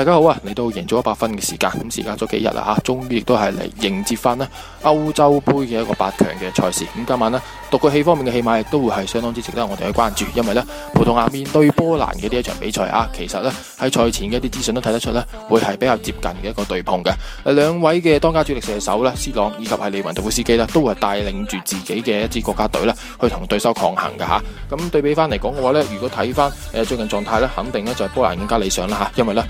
大家好啊！嚟到贏咗一百分嘅時間，咁時間咗幾日啦吓，終於亦都係嚟迎接翻呢歐洲杯嘅一個八強嘅賽事。咁今晚呢，獨個戲方面嘅戲碼亦都會係相當之值得我哋去關注，因為呢葡萄牙面對波蘭嘅呢一場比賽啊，其實呢喺賽前嘅一啲資訊都睇得出呢會係比較接近嘅一個對碰嘅。兩位嘅當家主力射手呢，C 朗以及係利雲度夫斯基呢，都係帶領住自己嘅一支國家隊呢去同對手抗衡㗎。吓。咁對比翻嚟講嘅話呢，如果睇翻誒最近狀態呢，肯定呢就係波蘭更加理想啦吓，因為呢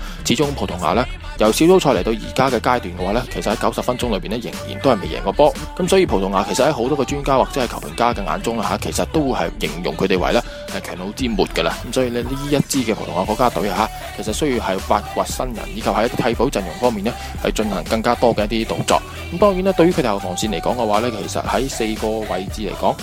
葡萄牙咧，由小組賽嚟到而家嘅階段嘅話咧，其實喺九十分鐘裏邊咧，仍然都係未贏過波，咁所以葡萄牙其實喺好多嘅專家或者係球評家嘅眼中啦吓，其實都會係形容佢哋為咧。係強弩之末噶啦，咁所以呢，呢一支嘅葡萄牙國家隊啊，其實需要係發掘新人，以及喺替補陣容方面呢，係進行更加多嘅一啲動作。咁當然啦，對於佢哋後防線嚟講嘅話呢，其實喺四個位置嚟講，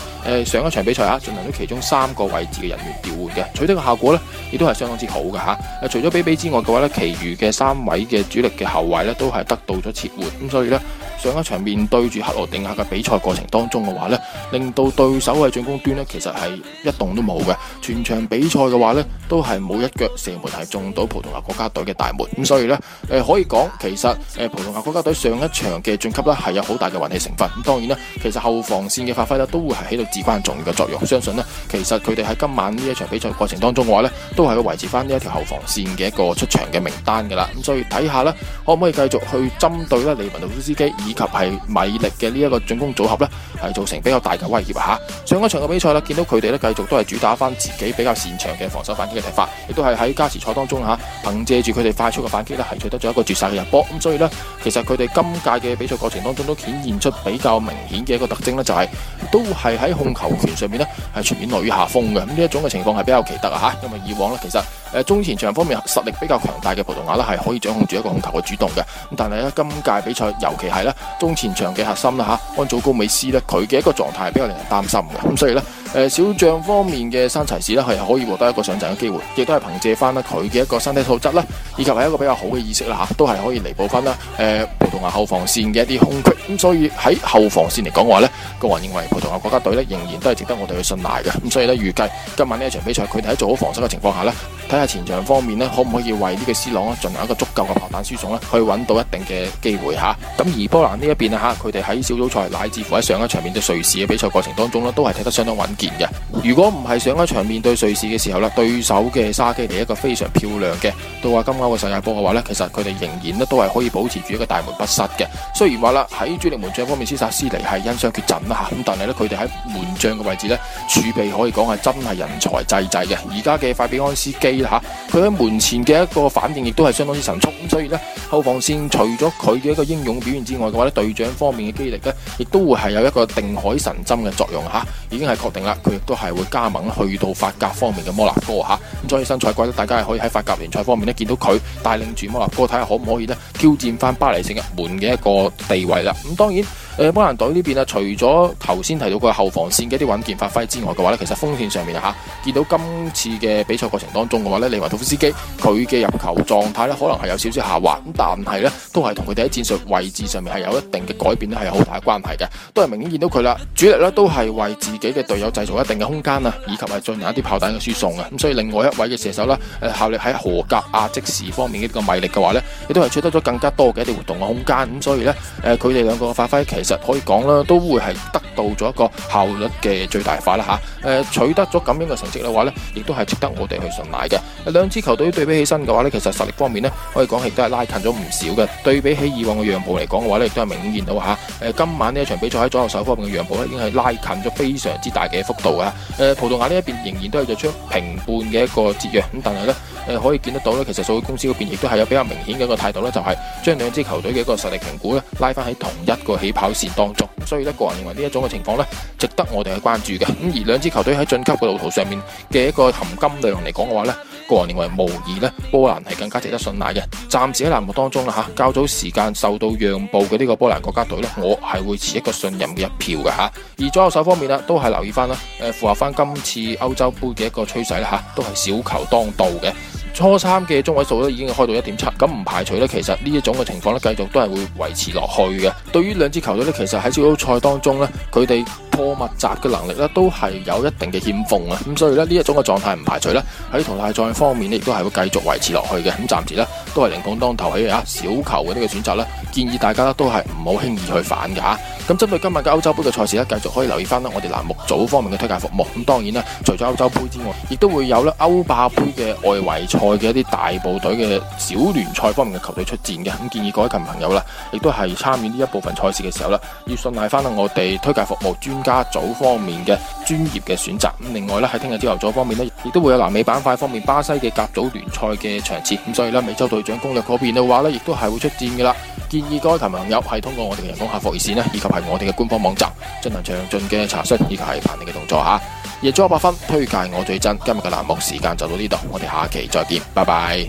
誒上一場比賽啊，進行咗其中三個位置嘅人員調換嘅，取得嘅效果呢，亦都係相當之好嘅吓。除咗比比之外嘅話呢，其餘嘅三位嘅主力嘅後衛呢，都係得到咗切換。咁所以呢，上一場面對住克羅地亞嘅比賽過程當中嘅話呢，令到對手嘅進攻端呢，其實係一動都冇嘅。全場比賽嘅話呢，都係冇一腳射門係中到葡萄牙國家隊嘅大門，咁所以呢，誒、呃、可以講其實誒、呃、葡萄牙國家隊上一場嘅進級呢，係有好大嘅運氣成分，咁當然啦，其實後防線嘅發揮呢，都會係起到至關重要嘅作用。相信呢，其實佢哋喺今晚呢一場比賽過程當中嘅話呢，都係要維持翻呢一條後防線嘅一個出場嘅名單嘅啦。咁所以睇下呢，可唔可以繼續去針對呢李文道夫斯基以及係米力嘅呢一個進攻組合呢，係造成比較大嘅威脅啊！嚇，上一場嘅比賽呢，見到佢哋呢，繼續都係主打翻。自己比較擅長嘅防守反擊嘅踢法，亦都係喺加時賽當中嚇，憑借住佢哋快速嘅反擊咧，係取得咗一個絕殺嘅入波。咁所以呢，其實佢哋今屆嘅比賽過程當中都顯現出比較明顯嘅一個特徵呢就係、是、都係喺控球權上面呢係全面落於下風嘅。咁呢一種嘅情況係比較奇特啊嚇，因為以往呢，其實誒中前場方面實力比較強大嘅葡萄牙呢係可以掌控住一個控球嘅主動嘅。咁但係呢，今屆比賽尤其係呢中前場嘅核心啦嚇，安祖高美斯呢，佢嘅一個狀態係比較令人擔心嘅。咁所以呢。誒、呃，小將方面嘅山崎史咧，係可以獲得一個上陣嘅機會，亦都係憑借翻啦佢嘅一個身體素質啦，以及係一個比較好嘅意識啦吓，都係可以彌補翻啦誒。呃同埋後防線嘅一啲空隙，咁所以喺後防線嚟講話呢，個人認為葡萄牙國家隊呢，仍然都係值得我哋去信賴嘅。咁所以呢，預計今晚呢一場比賽，佢哋喺做好防守嘅情況下呢，睇下前場方面呢，可唔可以為呢個 C 朗啊，進行一個足夠嘅炮彈輸送呢，去揾到一定嘅機會吓。咁而波蘭呢一邊呢，吓，佢哋喺小組賽乃至乎喺上一場面對瑞士嘅比賽過程當中呢，都係踢得相當穩健嘅。如果唔係上一場面對瑞士嘅時候呢，對手嘅沙基嚟一個非常漂亮嘅倒掛金鈎嘅世界波嘅話呢，其實佢哋仍然呢，都係可以保持住一個大門。不實嘅，雖然話啦，喺主力門將方面，施薩斯尼係因傷缺陣啦吓，咁但係咧，佢哋喺門將嘅位置咧，儲備可以講係真係人才濟濟嘅。而家嘅法比安斯基吓，佢喺門前嘅一個反應亦都係相當之神速，咁所以咧，後防線除咗佢嘅一個英勇表現之外嘅話咧，隊長方面嘅激力咧，亦都會係有一個定海神針嘅作用吓，已經係確定啦，佢亦都係會加盟去到法甲方面嘅摩納哥吓。在新賽季咧，大家係可以喺法甲聯賽方面咧見到佢帶領住摩納哥睇下可唔可以咧挑戰翻巴黎聖日門嘅一個地位啦。咁當然。誒波蘭隊呢邊啊，除咗頭先提到佢後防線嘅一啲穩健發揮之外嘅話呢，其實鋒線上面啊嚇，見到今次嘅比賽過程當中嘅話呢利維托夫斯基佢嘅入球狀態呢，可能係有少少下滑，咁但係呢，都係同佢哋喺戰術位置上面係有一定嘅改變咧，係好大嘅關係嘅，都係明顯見到佢啦，主力呢都係為自己嘅隊友製造一定嘅空間啊，以及係進行一啲炮彈嘅輸送啊，咁所以另外一位嘅射手呢，效力喺荷甲亞積士方面嘅一個米力嘅話呢，亦都係取得咗更加多嘅一啲活動嘅空間，咁所以呢，誒佢哋兩個嘅發揮其實～其實可以講啦，都會係得到咗一個效率嘅最大化啦吓。誒，取得咗咁樣嘅成績嘅話咧，亦都係值得我哋去信賴嘅。兩支球隊對比起身嘅話咧，其實實力方面咧，可以講亦都係拉近咗唔少嘅。對比起以往嘅讓步嚟講嘅話咧，亦都係明顯見到吓。誒，今晚呢一場比賽喺左右手方面嘅讓步咧，已經係拉近咗非常之大嘅幅度啊。誒，葡萄牙呢一邊仍然都係作出平半嘅一個折讓，咁但係咧。誒可以見得到咧，其實數據公司嗰邊亦都係有比較明顯嘅一個態度咧，就係將兩支球隊嘅一個實力評估咧拉翻喺同一個起跑線當中。所以咧，個人認為這種情況呢一種嘅情況咧，值得我哋去關注嘅。咁而兩支球隊喺晉級嘅路途上面嘅一個含金量嚟講嘅話咧，個人認為無疑咧，波蘭係更加值得信賴嘅。暫時喺欄目當中啦嚇，較早時間受到讓步嘅呢個波蘭國家隊咧，我係會持一個信任嘅一票嘅嚇。而左手方面咧，都係留意翻啦，誒符合翻今次歐洲杯嘅一個趨勢啦嚇，都係小球當道嘅。初三嘅中位數咧已經開到一點七，咁唔排除咧，其實呢一種嘅情況咧繼續都係會維持落去嘅。對於兩支球隊咧，其實喺小組賽當中咧，佢哋破密集嘅能力咧都係有一定嘅欠奉啊。咁所以咧呢一種嘅狀態唔排除咧喺淘汰賽方面咧亦都係會繼續維持落去嘅。咁暫時咧都係零槓當頭起啊，小球嘅呢個選擇咧建議大家咧都係唔好輕易去反嘅吓。咁針對今日嘅歐洲杯嘅賽事咧，繼續可以留意翻啦，我哋欄目組方面嘅推介服務。咁當然啦，除咗歐洲杯之外，亦都會有咧歐霸杯嘅外圍賽嘅一啲大部隊嘅小聯賽方面嘅球隊出戰嘅。咁建議各位羣朋友啦，亦都係參與呢一部分賽事嘅時候啦，要信賴翻啦我哋推介服務專家組方面嘅專業嘅選擇。咁另外咧喺聽日朝頭早方面呢，亦都會有南美板塊方面巴西嘅甲組聯賽嘅場次。咁所以呢，美洲隊長攻略嗰邊嘅話呢亦都係會出戰嘅啦。建議各位球迷朋友係通過我哋嘅人工客服熱線，以及係我哋嘅官方網站進行詳盡嘅查詢，以及係判定嘅動作吓。贏足 100FUN，推介我最真。今日嘅欄目時間就到呢度，我哋下期再見，拜拜。